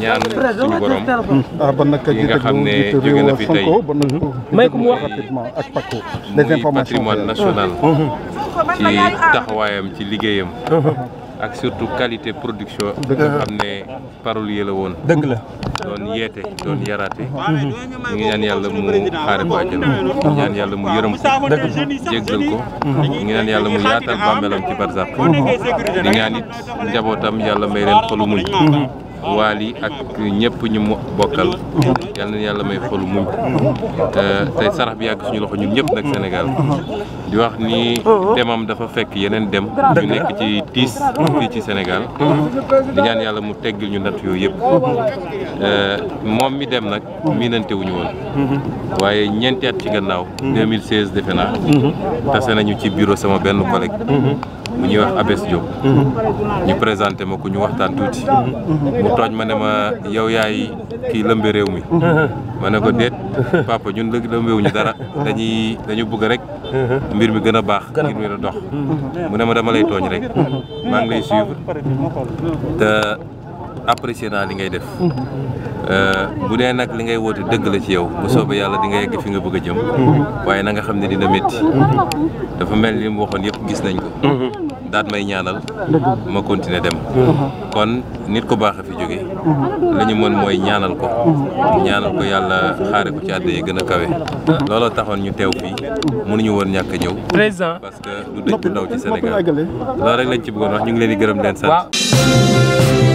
ñaan suñu borom. yi nga xam ne jóge na fi tey may ko mu wax muy patrimoine national. ci taxawaayam ci liggéeyam. ak surtout qualité production. dëgg la xam ne parolier la woon. dëgg la doon yeete doon yaraate. ñu ngi ñaan yàlla mu xaare ko àjjana. ñu ngi ñaan mu ko. dëgg la yàlla mu yaatal bàmmeelam ci barzak. di ñaan it njabootam yàlla may leen xolu muñ. Waly ak ñëpp ñu mu bokkal. yal na yàlla may xolu muñ te sarax bi yàgg suñu loxo ñun ñëpp nag senegaal di wax ni demam dafa fekk yeneen dem ñu nekk ci tiis fii ci senegaal di ñaan yàlla mu teggil ñu natt yooyu yëpp moom mi dem nag miinante wuñu woon waaye ñeenti at ci gannaaw 2016 mm-hmm. defe naa mm-hmm. tase nañu ci bureau sama benn collègue mm-hmm. mu ñuy wax Abes Diop. Mhm. ñu présenté ma ko ñu waxtaan tuuti. mu tooñ ma ne ma yow yaay kii lëmbe réew mi. Mhm. ne ko déet papa ñun lëg lëmbewuñu dara dañuy dañu bëgg rek. Mhm. mbir mi gën a baax ngir mi la dox. mu ne ma dama lay tooñ rek. maa ngi lay te. apprécier naa li ngay def mmh. euh, bu dee nag li ngay woote dëgg la ci yow bu soobee yàlla di nga yegg fi nga bëgg a jëm mmh. waaye nanga xam ne dina métti mmh. dafa mel ni mu waxoon yëpp gis nañ ko daat may ñaanal ma continuer dem kon nit ko baax a fi jóge la ñu mën mooy ñaanal ko ñaanal ko yàlla xaare ko ci àdda yi gën a kawe looloo taxoon ñu teew fii ñu woon ñàkk a ñëw président parce que du dëj bu ndaw ci senegal loolu rek lañ ci bëggoon wax ñu ngi leen di gërëm leen sant